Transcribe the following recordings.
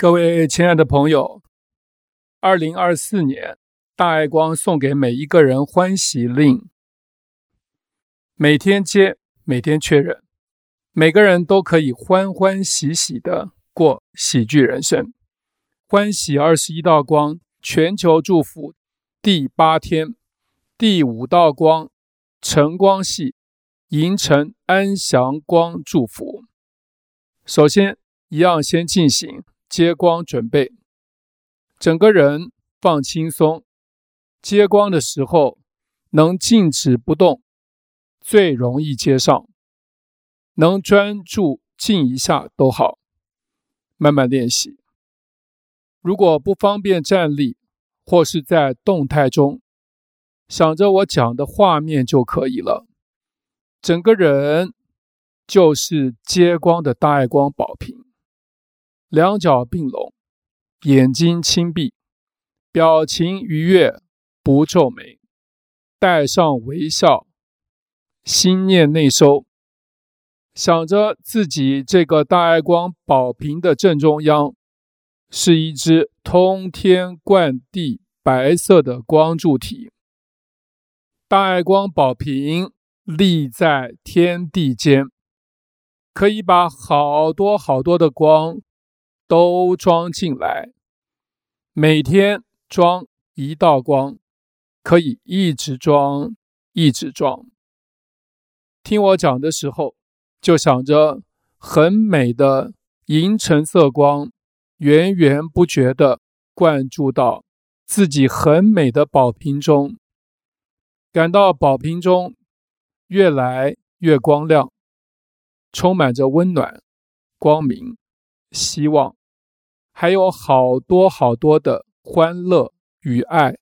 各位親愛的朋友，二零二四年大愛光送給每一個人歡喜令，每天接，每天確認，每個人都可以歡歡喜喜的過喜劇人生，歡喜二十一道光全球祝福第八天，第五道光橙光系銀橙安詳光祝福，首先一樣先進行。接光準備，整個人放輕鬆。接光的時候能靜止不動，最容易接上。能專注靜一下都好，慢慢練習。如果不方便站立或是在動態中，想着我講的畫面就可以了。整個人就是接光的大愛光寶瓶。兩腳併攏，眼睛輕閉，表情愉悅，不皺眉，帶上微笑，心念內收，想着自己這個大愛光寶瓶的正中央，是一隻通天貫地白色的光柱體。大愛光寶瓶立在天地間，可以把好多好多的光，都裝進來，每天裝一道光，可以一直裝，一直裝。聽我講的時候，就想着很美的銀橙色光，源源不絕的灌注到自己很美的寶瓶中，感到寶瓶中越來越光亮，充滿着溫暖、光明、希望。還有好多好多的歡樂與愛，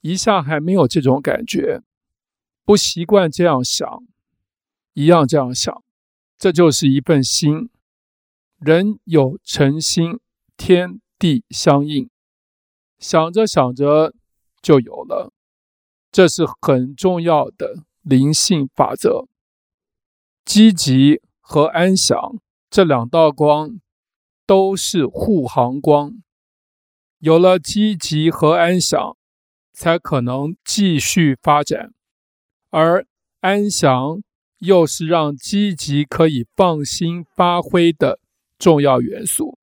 一下還沒有這種感覺，不習慣這樣想，一樣這樣想，這就是一份心。人有誠心，天地相應。想着想着就有了，這是很重要的靈性法則。積極和安詳這兩道光。都是護航光，有了積極和安詳，才可能繼續發展；而安詳又是讓積極可以放心發揮的重要元素，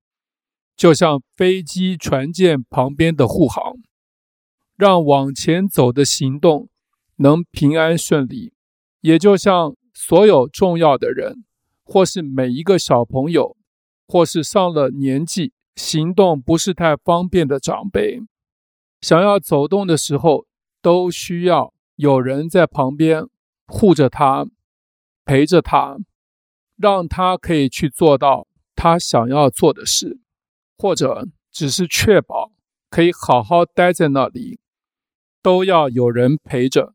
就像飛機、船艦旁邊的護航，讓往前走的行動能平安順利。也就像所有重要的人，或是每一個小朋友。或是上了年紀、行動不是太方便的長輩，想要走動的時候，都需要有人在旁邊護着他、陪着他，讓他可以去做到他想要做的事，或者只是確保可以好好待在那裡，都要有人陪着。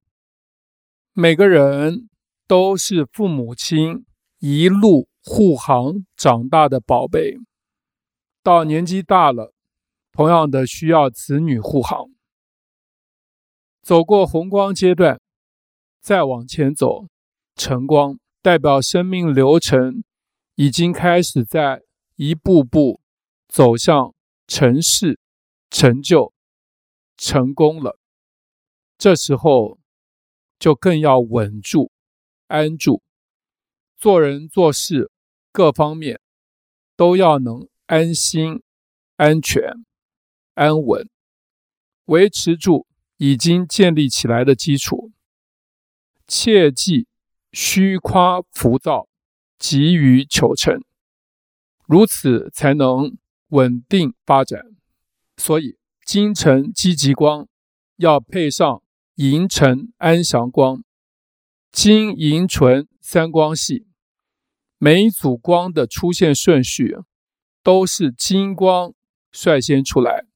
每個人都是父母親一路護航長大的寶貝，到年紀大了，同樣的需要子女護航。走過紅光階段，再往前走，橙光代表生命流程已經開始在一步步走向成事、成就、成功了。這時候就更要穩住、安住，做人做事。各方面都要能安心、安全、安穩，維持住已經建立起來的基礎。切忌虛誇浮躁、急於求成，如此才能穩定發展。所以，金橙積極光要配上銀橙安詳光，金銀橙三光系。每一組光的出現順序都是金光率先出來，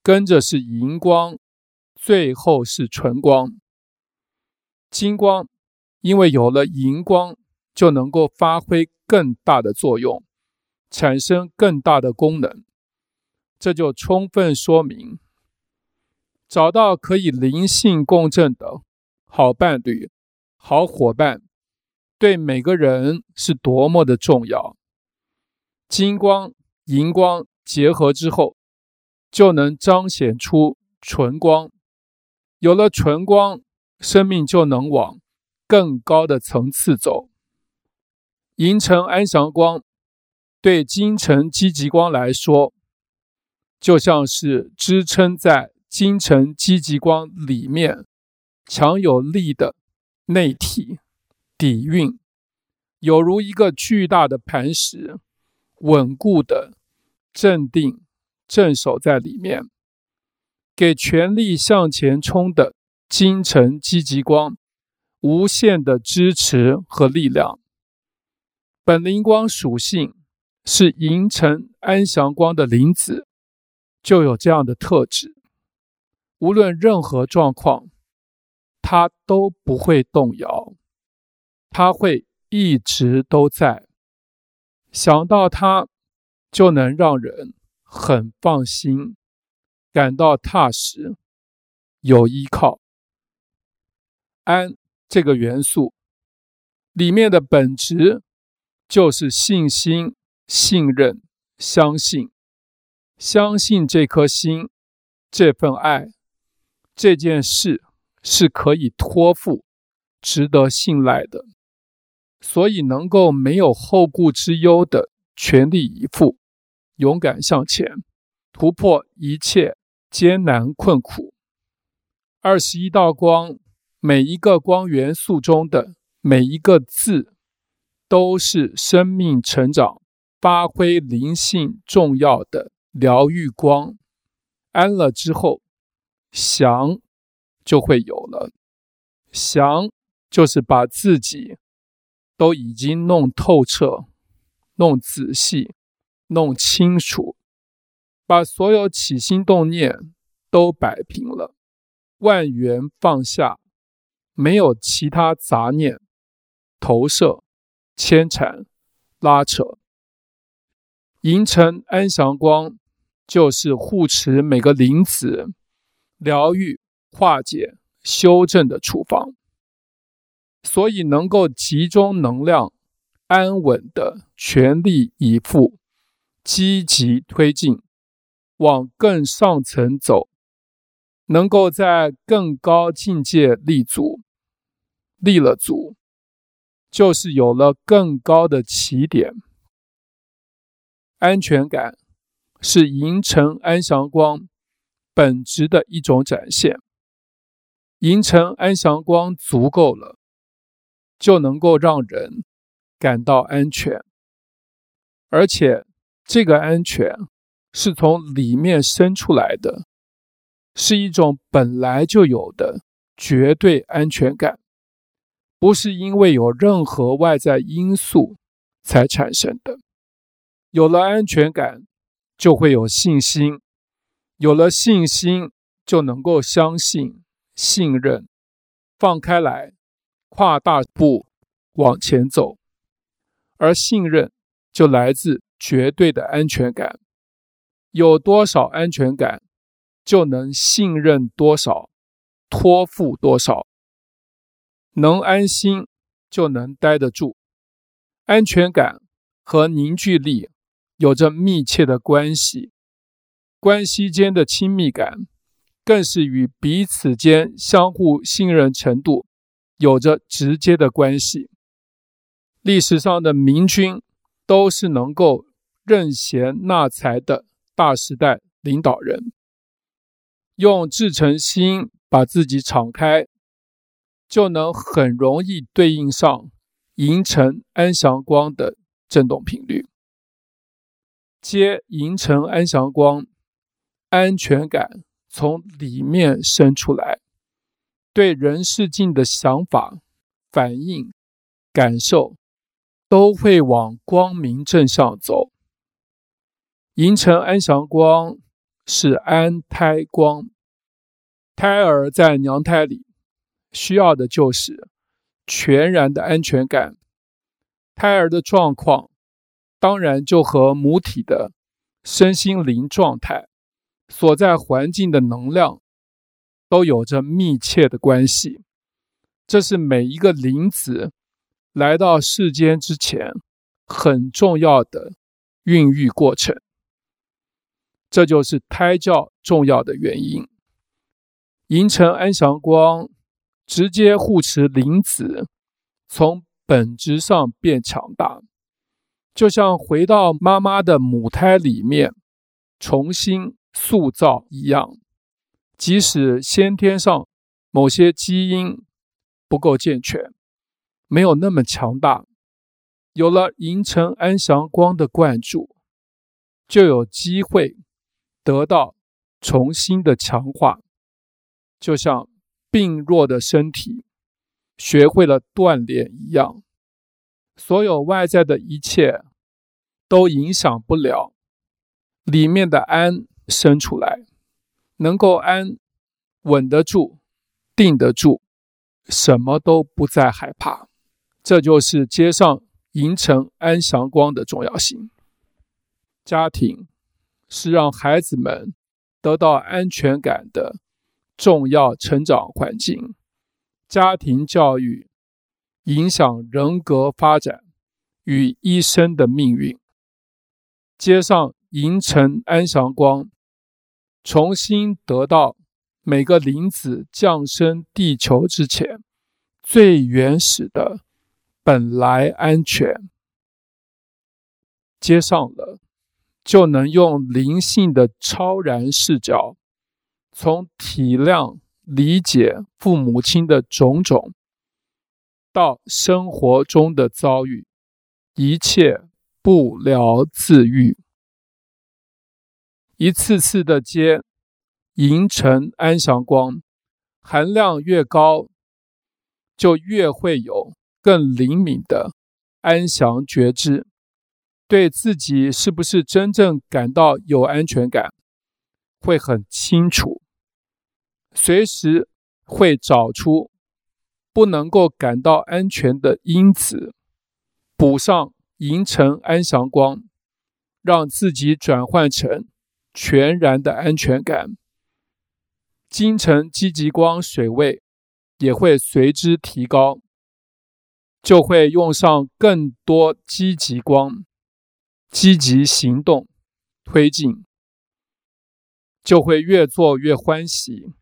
跟着是銀光，最後是橙光。金光因為有了銀光，就能夠發揮更大的作用，產生更大的功能。這就充分說明，找到可以靈性共振的好伴侶、好夥伴。對每個人是多麼的重要，金光銀光結合之後，就能彰顯出純光。有了純光，生命就能往更高的層次走。銀橙安詳光對金橙積極光來說，就像是支撐在金橙積極光裡面強有力的內體。底蘊有如一個巨大的磐石，穩固的、鎮定、鎮守在裡面，給全力向前衝的金橙積極光無限的支持和力量。本靈光屬性是銀橙安詳光的靈子，就有這樣的特質，無論任何狀況，它都不會動搖。他會一直都在，想到他就能讓人很放心，感到踏實，有依靠。安這個元素裡面的本質就是信心、信任、相信，相信這顆心、這份愛、這件事是可以托付、值得信賴的。所以能夠沒有後顧之憂的全力以赴，勇敢向前，突破一切艱難困苦。二十一道光，每一個光元素中的每一個字，都是生命成長、發揮靈性重要的療癒光。安了之後，祥就會有了。祥就是把自己。都已經弄透徹、弄仔細、弄清楚，把所有起心動念都擺平了，萬緣放下，沒有其他雜念、投射、牽纏、拉扯。銀橙安詳光就是護持每個靈子、療癒、化解、修正的處方。所以能夠集中能量，安穩的全力以赴，積極推進，往更上層走，能夠在更高境界立足，立了足，就是有了更高的起點。安全感是銀橙安詳光本質的一種展現，銀橙安詳光足夠了。就能夠讓人感到安全，而且這個安全是從裡面生出來的，是一種本來就有的絕對安全感，不是因為有任何外在因素才產生的。有了安全感，就會有信心；有了信心，就能夠相信、信任、放開來。跨大步往前走，而信任就來自絕對的安全感。有多少安全感，就能信任多少，托付多少。能安心，就能待得住。安全感和凝聚力有着密切的關係，關係間的親密感，更是與彼此間相互信任程度。有着直接的關係。歷史上的明君都是能夠任賢納才的大時代領導人。用至誠心把自己敞開，就能很容易對應上銀橙安詳光的振動頻率。接銀橙安詳光，安全感從裡面生出來。對人、事、境的想法、反應、感受，都會往光明正上走。銀橙安詳光是安胎光，胎兒在娘胎裡需要的就是全然的安全感。胎兒的狀況當然就和母體的身心靈狀態、所在環境的能量。都有着密切的關係，這是每一個靈子來到世間之前很重要的孕育過程，這就是胎教重要的原因。銀橙安詳光直接護持靈子從本質上變強大，就像回到媽媽的母胎裡面重新塑造一樣。即使先天上某些基因不夠健全，沒有那麼強大，有了銀橙安詳光的灌注，就有機會得到重新的強化，就像病弱的身體學會了鍛鍊一樣，所有外在的一切都影響不了裡面的安生出來。能夠安穩得住、定得住，什麼都不再害怕，這就是接上銀橙安詳光的重要性。家庭是讓孩子們得到安全感的重要成長環境，家庭教育影響人格發展與一生的命運。接上銀橙安詳光，重新得到每個靈子降生地球之前最原始的本來安全，接上了，就能用靈性的超然視角，從體諒理解父母親的種種，到生活中的遭遇，一切不療自癒。一次次的接，銀橙安詳光，含量越高，就越會有更靈敏的安詳覺知，對自己是不是真正感到有安全感，會很清楚，隨時會找出不能夠感到安全的因子，補上銀橙安詳光，讓自己轉換成。全然的安全感，金城積極光水位也會隨之提高，就會用上更多積極光，積極行動推進，就會越做越歡喜，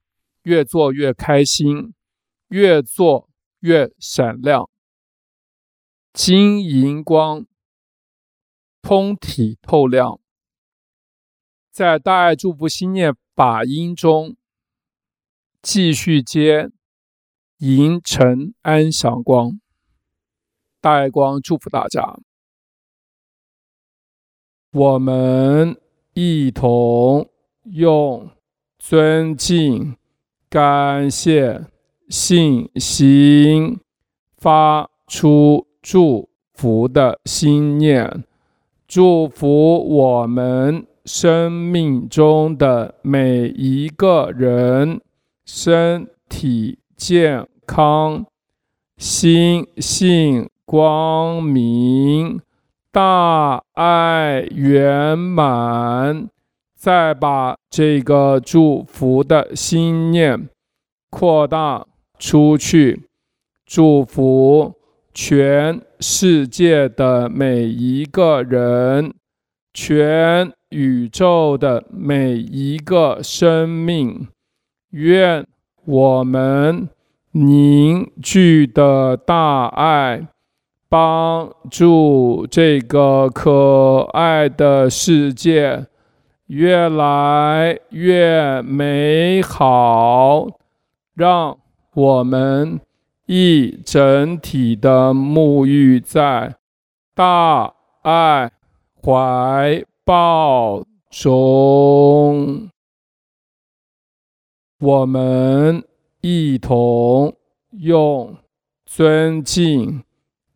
越做越開心，越做越閃亮，金銀光通體透亮。在大愛祝福心念法音中，繼續接迎銀橙安詳光。大愛光祝福大家，我們一同用尊敬、感謝、信心發出祝福的心念，祝福我們。生命中的每一個人身體健康，心性光明，大愛圓滿。再把這個祝福的心念擴大出去，祝福全世界的每一個人，全。宇宙的每一個生命，願我們凝聚的大愛，幫助這個可愛的世界越來越美好，讓我們一整體的沐浴在大愛懷抱中，報我們一同用尊敬、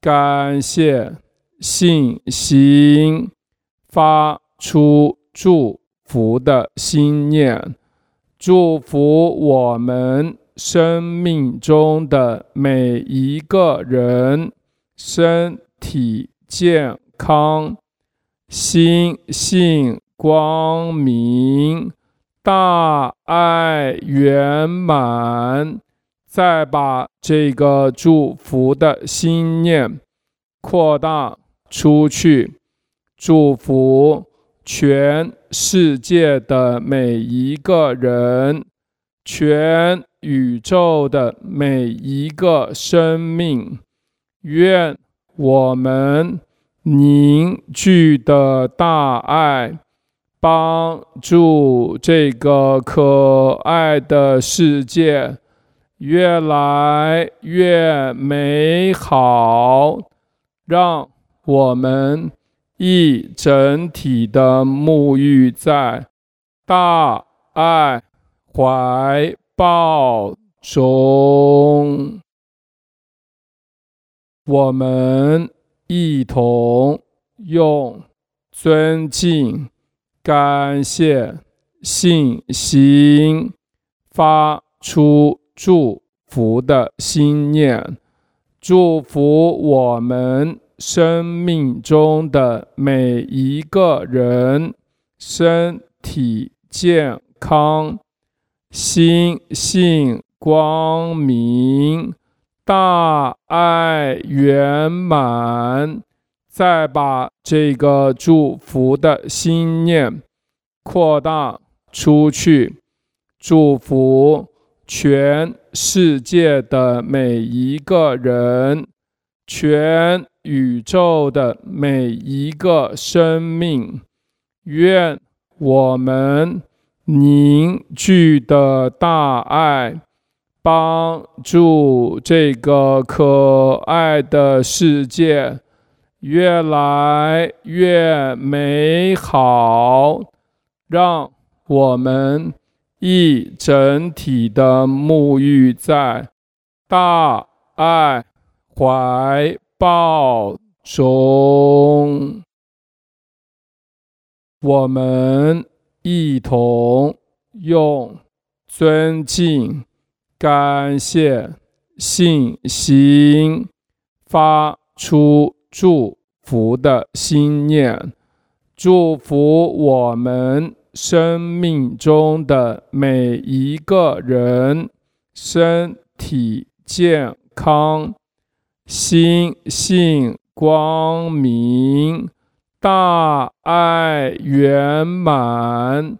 感謝、信心，發出祝福的心念，祝福我們生命中的每一個人身體健康，心性光明，大愛圓滿。再把這個祝福的心念擴大出去，祝福全世界的每一個人，全宇宙的每一個生命。願我們凝聚的大愛，幫助這個可愛的世界越來越美好，讓我們一整體的沐浴在大愛懷抱中，我們。一同用尊敬、感謝、信心發出祝福的心念，祝福我們生命中的每一個人，身體健康，心性光明。大愛圓滿，再把這個祝福的心念擴大出去，祝福全世界的每一個人，全宇宙的每一個生命。願我們凝聚的大愛。幫助這個可愛的世界越來越美好，讓我們一整體的沐浴在大愛懷抱中，我們一同用尊敬、感謝信心發出祝福的心念，祝福我們生命中的每一個人身體健康，心性光明，大愛圓滿。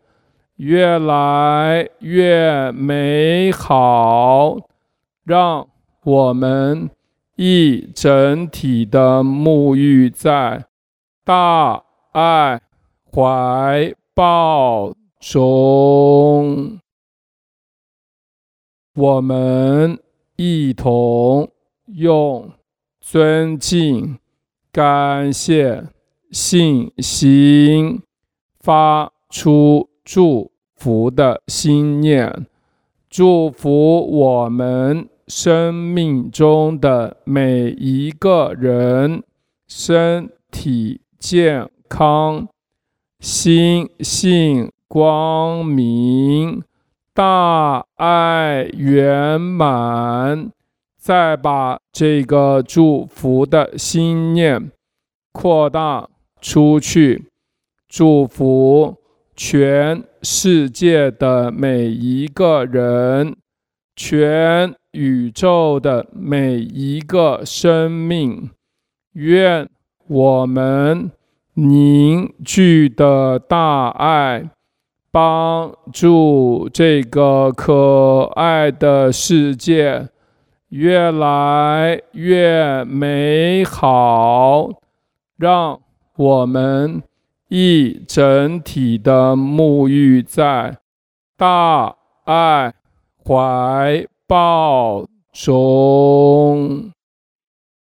越來越美好，讓我們一整體的沐浴在大愛懷抱中。我們一同用尊敬、感謝、信心發出祝福。福的心念，祝福我們生命中的每一個人，身體健康，心性光明，大愛圓滿。再把這個祝福的心念擴大出去，祝福。全世界的每一個人，全宇宙的每一個生命，願我們凝聚的大愛，幫助這個可愛的世界越來越美好，讓我們。一整體的沐浴在大愛懷抱中。